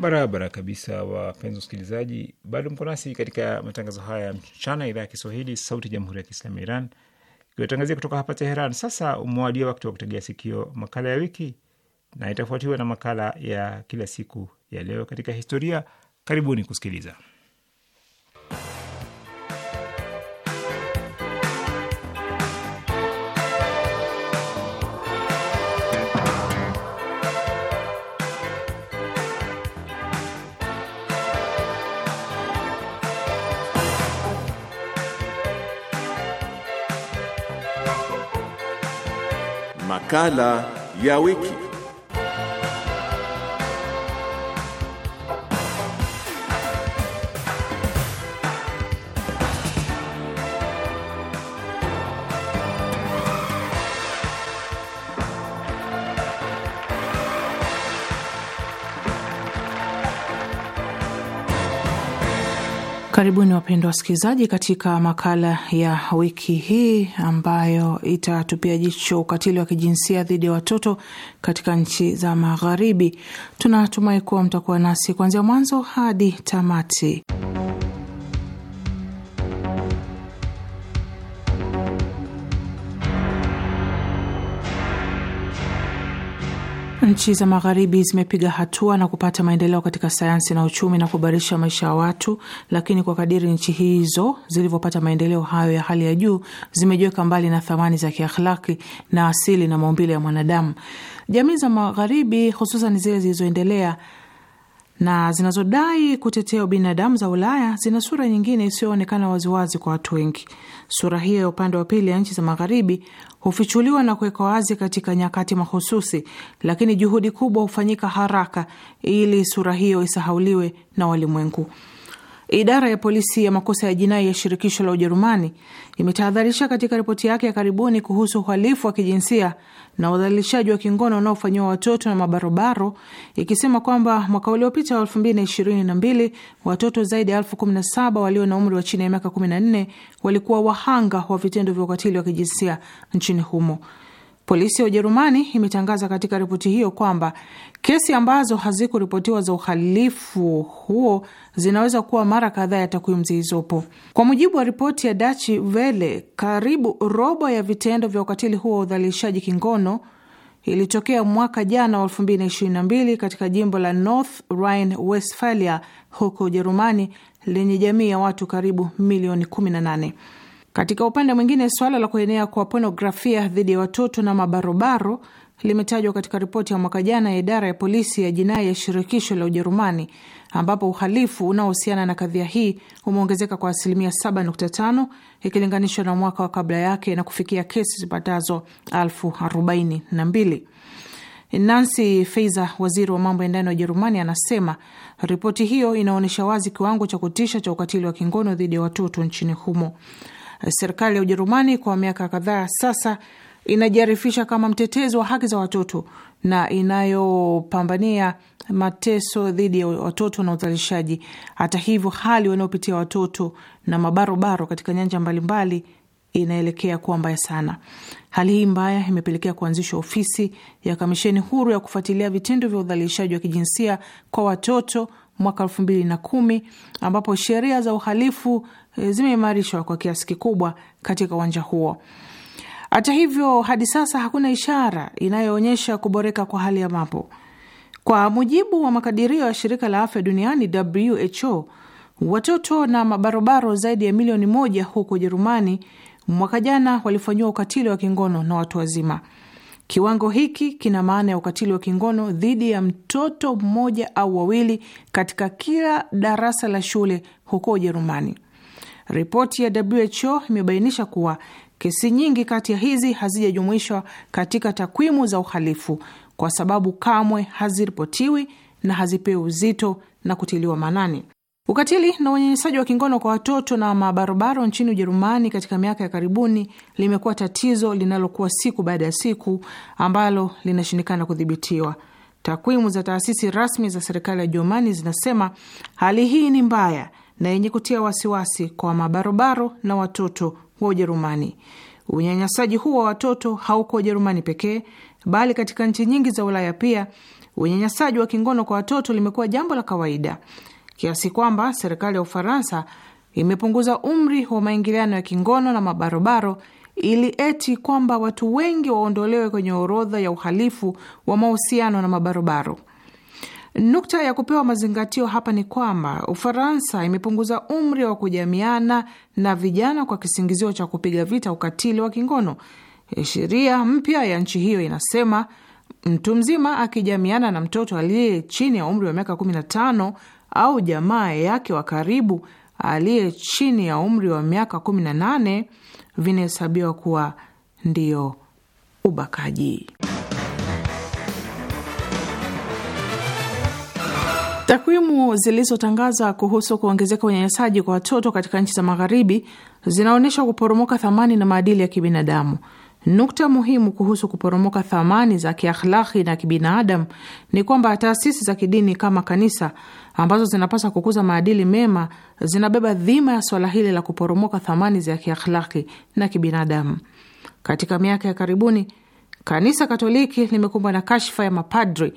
Barabara kabisa, wapenzi wasikilizaji, bado mko nasi katika matangazo haya ya mchana, idhaa ya Kiswahili, sauti ya jamhuri ya kiislamu ya Iran ikiwatangazia kutoka hapa Teheran. Sasa umewadia wakati wa kutegea sikio makala ya wiki, na itafuatiwa na makala ya kila siku ya leo katika historia. Karibuni kusikiliza. makala ya wiki. Karibuni wapendwa wasikilizaji, katika makala ya wiki hii ambayo itatupia jicho ukatili wa kijinsia dhidi ya watoto katika nchi za Magharibi. Tunatumai kuwa mtakuwa nasi kuanzia mwanzo hadi tamati. Nchi za magharibi zimepiga hatua na kupata maendeleo katika sayansi na uchumi na kuboresha maisha ya watu, lakini kwa kadiri nchi hizo zilivyopata maendeleo hayo ya hali ya juu, zimejiweka mbali na thamani za kiakhlaki na asili na maumbile ya mwanadamu. Jamii za magharibi, hususan zile zilizoendelea, na zinazodai kutetea ubinadamu za Ulaya zina sura nyingine isiyoonekana waziwazi kwa watu wengi. Sura hiyo ya upande wa pili ya nchi za Magharibi hufichuliwa na kuwekwa wazi katika nyakati mahususi, lakini juhudi kubwa hufanyika haraka ili sura hiyo isahauliwe na walimwengu. Idara ya polisi ya makosa ya jinai ya shirikisho la Ujerumani imetahadharisha katika ripoti yake ya karibuni kuhusu uhalifu wa kijinsia na udhalilishaji wa kingono unaofanyiwa watoto na mabarobaro, ikisema kwamba mwaka uliopita wa 2022 watoto zaidi ya elfu 17 walio na umri wa chini ya miaka 14 walikuwa wahanga wa vitendo vya ukatili wa kijinsia nchini humo. Polisi ya Ujerumani imetangaza katika ripoti hiyo kwamba kesi ambazo hazikuripotiwa za uhalifu huo zinaweza kuwa mara kadhaa ya takwimu zilizopo. Kwa mujibu wa ripoti ya Dachi Vele, karibu robo ya vitendo vya ukatili huo wa udhalilishaji kingono ilitokea mwaka jana wa 2022 katika jimbo la North Rhine Westphalia huko Ujerumani lenye jamii ya watu karibu milioni 18. Katika upande mwingine, suala la kuenea kwa ponografia dhidi ya watoto na mabarobaro limetajwa katika ripoti ya mwaka jana ya idara ya polisi ya jinai ya shirikisho la Ujerumani, ambapo uhalifu unaohusiana na kadhia hii umeongezeka kwa asilimia 7.5 ikilinganishwa na mwaka wa kabla yake na kufikia kesi zipatazo 42 Nancy Faeser, waziri wa mambo ya ndani wa Ujerumani, anasema ripoti hiyo inaonyesha wazi kiwango cha kutisha cha ukatili wa kingono dhidi ya watoto nchini humo. Serikali ya Ujerumani kwa miaka kadhaa sasa inajiarifisha kama mtetezi wa haki za watoto na inayopambania mateso dhidi ya watoto na uzalishaji. Hata hivyo, hali wanaopitia watoto na mabarobaro katika nyanja mbalimbali inaelekea kuwa mbaya sana. Hali hii mbaya imepelekea kuanzishwa ofisi ya kamisheni huru ya kufuatilia vitendo vya udhalilishaji wa kijinsia kwa watoto mwaka elfu mbili na kumi ambapo sheria za uhalifu Eh, zimeimarishwa kwa kiasi kikubwa katika uwanja huo. Hata hivyo, hadi sasa hakuna ishara inayoonyesha kuboreka kwa hali ya mambo. Kwa mujibu wa makadirio ya shirika la afya duniani WHO, watoto na mabarobaro zaidi ya milioni moja huko Ujerumani mwaka jana walifanyiwa ukatili wa kingono na watu wazima. Kiwango hiki kina maana ya ukatili wa kingono dhidi ya mtoto mmoja au wawili katika kila darasa la shule huko Ujerumani. Ripoti ya WHO imebainisha kuwa kesi nyingi kati ya hizi hazijajumuishwa katika takwimu za uhalifu kwa sababu kamwe haziripotiwi na hazipewi uzito na kutiliwa maanani. Ukatili na unyanyasaji wa kingono kwa watoto na mabarobaro nchini Ujerumani katika miaka ya karibuni limekuwa tatizo linalokuwa siku baada ya siku ambalo linashindikana kudhibitiwa. Takwimu za taasisi rasmi za serikali ya Ujerumani zinasema hali hii ni mbaya na yenye kutia wasiwasi kwa mabarobaro na watoto wa Ujerumani. Unyanyasaji huu wa watoto hauko Ujerumani pekee, bali katika nchi nyingi za Ulaya pia unyanyasaji wa kingono kwa watoto limekuwa jambo la kawaida, kiasi kwamba serikali ya Ufaransa imepunguza umri wa maingiliano ya kingono na mabarobaro ili eti kwamba watu wengi waondolewe kwenye orodha ya uhalifu wa mahusiano na mabarobaro. Nukta ya kupewa mazingatio hapa ni kwamba Ufaransa imepunguza umri wa kujamiana na vijana kwa kisingizio cha kupiga vita ukatili wa kingono. Eh, sheria mpya ya nchi hiyo inasema mtu mzima akijamiana na mtoto aliye chini ya umri wa miaka 15 au jamaa yake wa karibu aliye chini ya umri wa miaka 18 vinahesabiwa kuwa ndiyo ubakaji. Takwimu zilizotangaza kuhusu kuongezeka unyanyasaji kwa watoto katika nchi za magharibi zinaonyesha kuporomoka thamani na maadili ya kibinadamu. Nukta muhimu kuhusu kuporomoka thamani za kiakhlaki na kibinadamu ni kwamba taasisi za kidini kama kanisa ambazo zinapaswa kukuza maadili mema zinabeba dhima ya swala hili la kuporomoka thamani za kiakhlaki na kibinadamu. Katika miaka ya karibuni, kanisa Katoliki limekumbwa na kashfa ya mapadri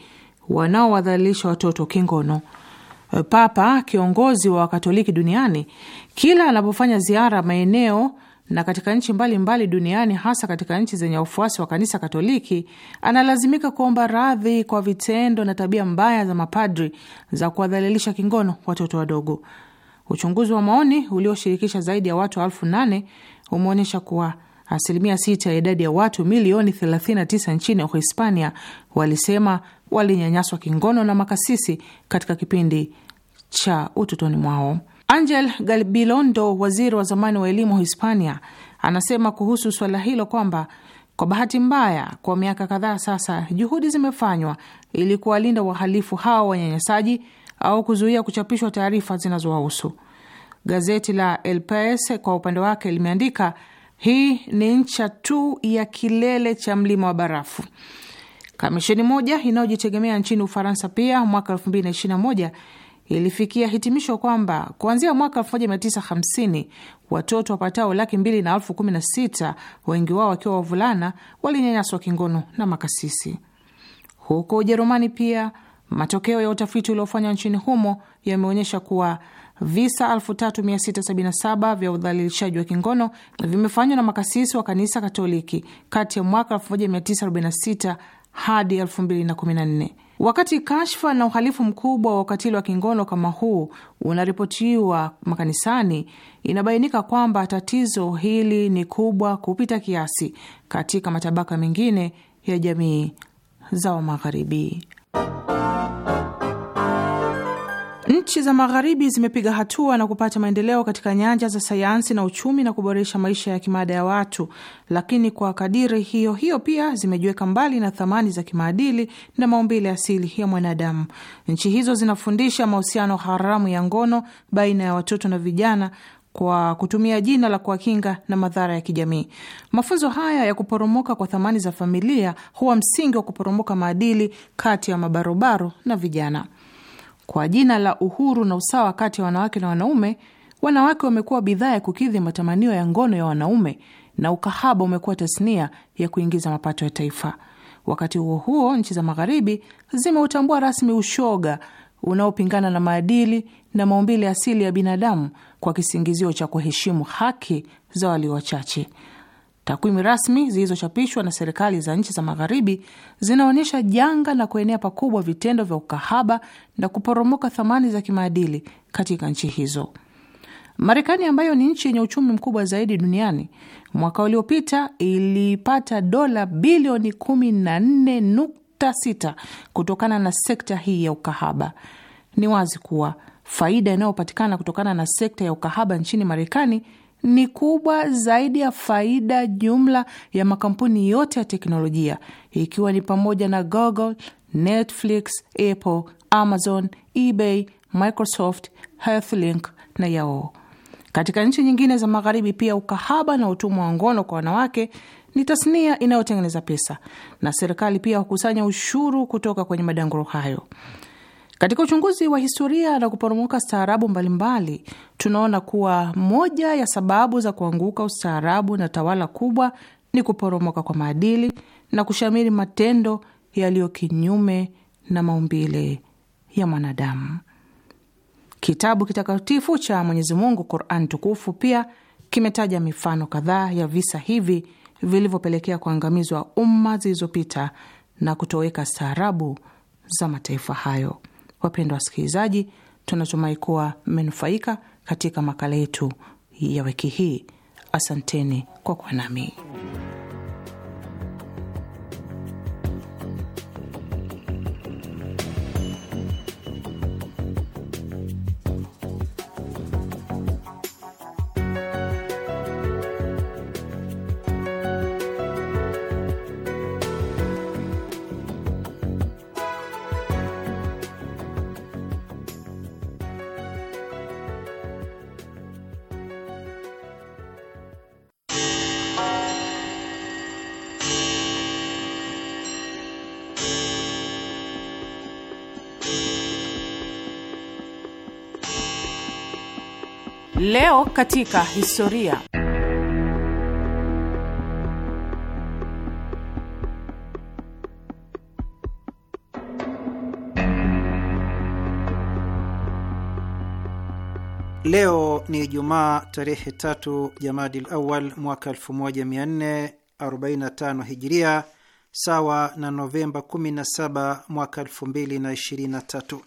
wanaowadhalilisha watoto kingono. E, Papa kiongozi wa Wakatoliki duniani kila anapofanya ziara maeneo na katika nchi mbalimbali mbali duniani, hasa katika nchi zenye ufuasi wa kanisa Katoliki, analazimika kuomba radhi kwa vitendo na tabia mbaya za mapadri za kuwadhalilisha kingono watoto wadogo. Uchunguzi wa maoni ulioshirikisha zaidi ya watu elfu nane umeonyesha kuwa asilimia sita ya idadi ya watu milioni 39 nchini Uhispania walisema walinyanyaswa kingono na makasisi katika kipindi cha utotoni mwao. Angel Gabilondo, waziri wa zamani wa elimu Hispania, anasema kuhusu suala hilo kwamba kwa bahati mbaya, kwa miaka kadhaa sasa, juhudi zimefanywa ili kuwalinda wahalifu hao wanyanyasaji au kuzuia kuchapishwa taarifa zinazowahusu. Gazeti la El Pais kwa upande wake limeandika, hii ni ncha tu ya kilele cha mlima wa barafu. Kamisheni moja inayojitegemea nchini Ufaransa pia mwaka 2021 ilifikia hitimisho kwamba kuanzia mwaka 1950 watoto wapatao laki mbili na elfu kumi na sita, wengi wao wakiwa wavulana, walinyanyaswa kingono na makasisi. Huko Ujerumani pia matokeo ya utafiti uliofanywa nchini humo yameonyesha kuwa visa 3677 vya udhalilishaji wa kingono vimefanywa na makasisi wa kanisa Katoliki kati ya mwaka 1946 hadi 2014 wakati kashfa na uhalifu mkubwa wa ukatili wa kingono kama huu unaripotiwa makanisani, inabainika kwamba tatizo hili ni kubwa kupita kiasi katika matabaka mengine ya jamii za Wamagharibi. Nchi za Magharibi zimepiga hatua na kupata maendeleo katika nyanja za sayansi na uchumi na kuboresha maisha ya kimaada ya watu, lakini kwa kadiri hiyo hiyo pia zimejiweka mbali na thamani za kimaadili na maumbile asili ya mwanadamu. Nchi hizo zinafundisha mahusiano haramu ya ngono baina ya watoto na vijana kwa kutumia jina la kuwakinga na madhara ya kijamii. Mafunzo haya ya kuporomoka kwa thamani za familia huwa msingi wa kuporomoka maadili kati ya mabarobaro na vijana. Kwa jina la uhuru na usawa kati ya wanawake na wanaume, wanawake wamekuwa bidhaa ya kukidhi matamanio ya ngono ya wanaume na ukahaba umekuwa tasnia ya kuingiza mapato ya taifa. Wakati huo huo, nchi za magharibi zimeutambua rasmi ushoga unaopingana na maadili na maumbile asili ya binadamu kwa kisingizio cha kuheshimu haki za walio wachache. Takwimu rasmi zilizochapishwa na serikali za nchi za Magharibi zinaonyesha janga la kuenea pakubwa vitendo vya ukahaba na kuporomoka thamani za kimaadili katika nchi hizo. Marekani ambayo ni nchi yenye uchumi mkubwa zaidi duniani, mwaka uliopita ilipata dola bilioni 14.6 kutokana na sekta hii ya ukahaba. Ni wazi kuwa faida inayopatikana kutokana na sekta ya ukahaba nchini Marekani ni kubwa zaidi ya faida jumla ya makampuni yote ya teknolojia ikiwa ni pamoja na Google, Netflix, Apple, Amazon, eBay, Microsoft, Hearthlink na Yahoo. Katika nchi nyingine za magharibi pia ukahaba na utumwa wa ngono kwa wanawake ni tasnia inayotengeneza pesa na serikali pia hukusanya ushuru kutoka kwenye madanguro hayo. Katika uchunguzi wa historia na kuporomoka staarabu mbalimbali, tunaona kuwa moja ya sababu za kuanguka ustaarabu na tawala kubwa ni kuporomoka kwa maadili na kushamiri matendo yaliyo kinyume na maumbile ya mwanadamu. Kitabu kitakatifu cha Mwenyezi Mungu, Quran Tukufu, pia kimetaja mifano kadhaa ya visa hivi vilivyopelekea kuangamizwa umma zilizopita na kutoweka staarabu za mataifa hayo. Wapendwa wasikilizaji, tunatumai kuwa mmenufaika katika makala yetu ya wiki hii. Asanteni kwa kuwa nami. Leo katika historia. Leo ni Jumaa tarehe tatu Jamadil Awal mwaka 1445 Hijiria, sawa na Novemba 17 mwaka 2023.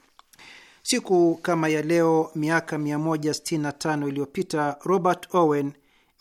Siku kama ya leo miaka 165 iliyopita Robert Owen,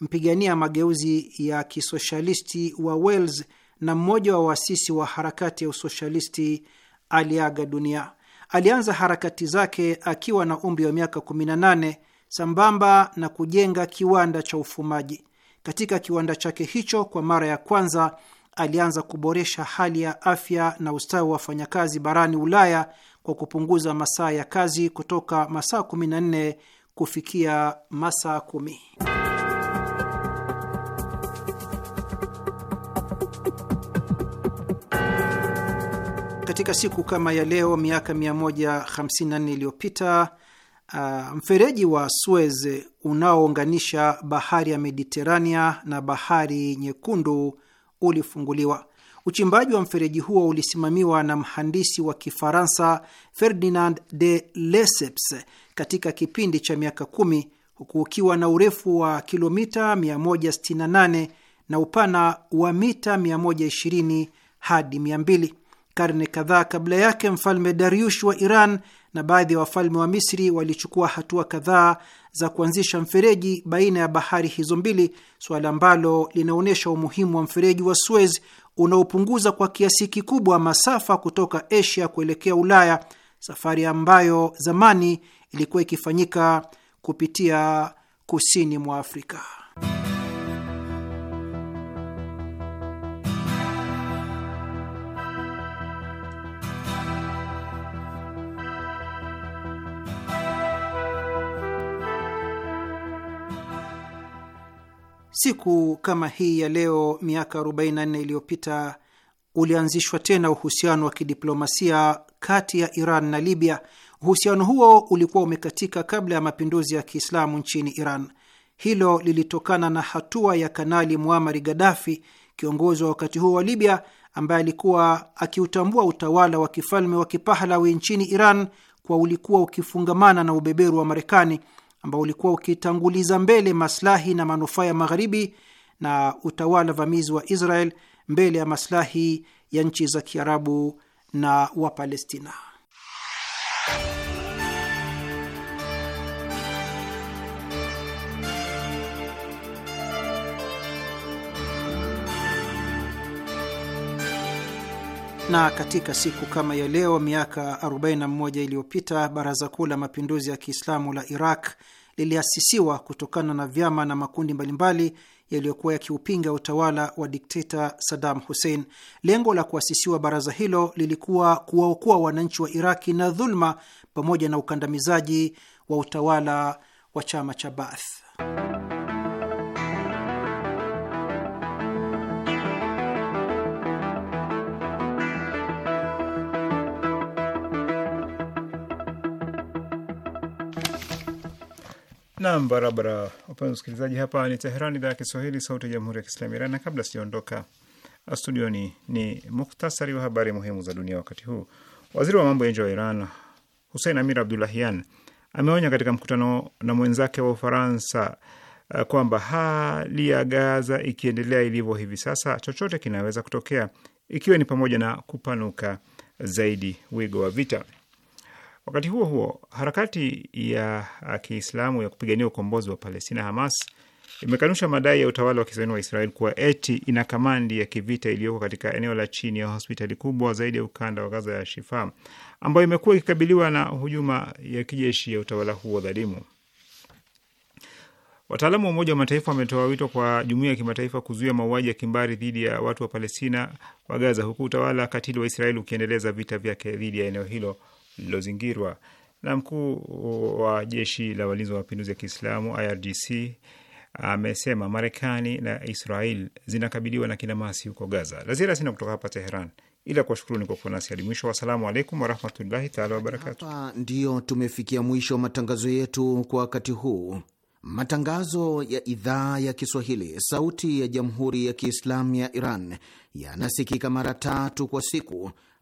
mpigania mageuzi ya kisoshalisti wa Wales na mmoja wa waasisi wa harakati ya usoshalisti aliaga dunia. Alianza harakati zake akiwa na umri wa miaka 18 sambamba na kujenga kiwanda cha ufumaji. Katika kiwanda chake hicho, kwa mara ya kwanza alianza kuboresha hali ya afya na ustawi wa wafanyakazi barani Ulaya kwa kupunguza masaa ya kazi kutoka masaa 14 kufikia masaa 10 Katika siku kama ya leo miaka 154 iliyopita, uh, mfereji wa Suez unaounganisha bahari ya Mediterania na bahari Nyekundu ulifunguliwa. Uchimbaji wa mfereji huo ulisimamiwa na mhandisi wa Kifaransa Ferdinand de Lesseps katika kipindi cha miaka kumi huku ukiwa na urefu wa kilomita 168 na upana wa mita 120 hadi 200. Karne kadhaa kabla yake, mfalme Dariush wa Iran na baadhi ya wafalme wa Misri walichukua hatua kadhaa za kuanzisha mfereji baina ya bahari hizo mbili, suala ambalo linaonyesha umuhimu wa mfereji wa Suez unaopunguza kwa kiasi kikubwa masafa kutoka Asia kuelekea Ulaya, safari ambayo zamani ilikuwa ikifanyika kupitia kusini mwa Afrika. Siku kama hii ya leo miaka 44 iliyopita ulianzishwa tena uhusiano wa kidiplomasia kati ya Iran na Libya. Uhusiano huo ulikuwa umekatika kabla ya mapinduzi ya Kiislamu nchini Iran. Hilo lilitokana na hatua ya Kanali Muamari Gadafi, kiongozi wa wakati huo wa Libya, ambaye alikuwa akiutambua utawala wa kifalme wa Kipahlawi nchini Iran kwa ulikuwa ukifungamana na ubeberu wa Marekani ambao ulikuwa ukitanguliza mbele maslahi na manufaa ya Magharibi na utawala vamizi wa Israel mbele ya maslahi ya nchi za Kiarabu na Wapalestina. Na katika siku kama ya leo miaka 41 iliyopita Baraza Kuu la Mapinduzi ya Kiislamu la Iraq liliasisiwa kutokana na vyama na makundi mbalimbali yaliyokuwa yakiupinga utawala wa dikteta Saddam Hussein. Lengo la kuasisiwa baraza hilo lilikuwa kuwaokoa wananchi wa Iraki na dhuluma pamoja na ukandamizaji wa utawala wa chama cha Baath. Nam barabara, wapenzi msikilizaji, hapa ni Teheran, idhaa ya Kiswahili, sauti ya jamhuri ya kiislamu Iran. Na kabla sijaondoka studioni, ni muktasari wa habari muhimu za dunia wakati huu. Waziri wa mambo ya nje wa Iran husein Amir Abdulahian ameonya katika mkutano na mwenzake wa Ufaransa eh, kwamba hali ya Gaza ikiendelea ilivyo hivi sasa, chochote kinaweza kutokea, ikiwa ni pamoja na kupanuka zaidi wigo wa vita. Wakati huo huo, harakati ya uh, Kiislamu ya kupigania ukombozi wa Palestina, Hamas, imekanusha madai ya utawala wa kizayuni wa Israel kuwa eti ina kamandi ya kivita iliyoko katika eneo la chini ya hospitali kubwa zaidi ya ukanda wa Gaza ya Shifa, ambayo imekuwa ikikabiliwa na hujuma ya kijeshi ya utawala huo dhalimu. Wataalamu wa Umoja wa Mataifa wametoa wito kwa jumuiya ya kimataifa kuzuia mauaji ya kimbari dhidi ya watu wa Palestina wa Gaza, huku utawala katili wa Israeli ukiendeleza vita vyake dhidi ya eneo hilo lilozingirwa. Na mkuu wa jeshi la walinzi wa mapinduzi ya Kiislamu IRGC amesema Marekani na Israel zinakabiliwa na kinamasi huko Gaza. La ziada sina kutoka hapa Teheran ila kuwashukuruni kwa kuwa nasi hadi mwisho. Wassalamu alaikum warahmatullahi taala wabarakatu. Hapa ndiyo tumefikia mwisho wa matangazo yetu kwa wakati huu. Matangazo ya idhaa ya Kiswahili sauti ya jamhuri ya Kiislamu ya Iran yanasikika mara tatu kwa siku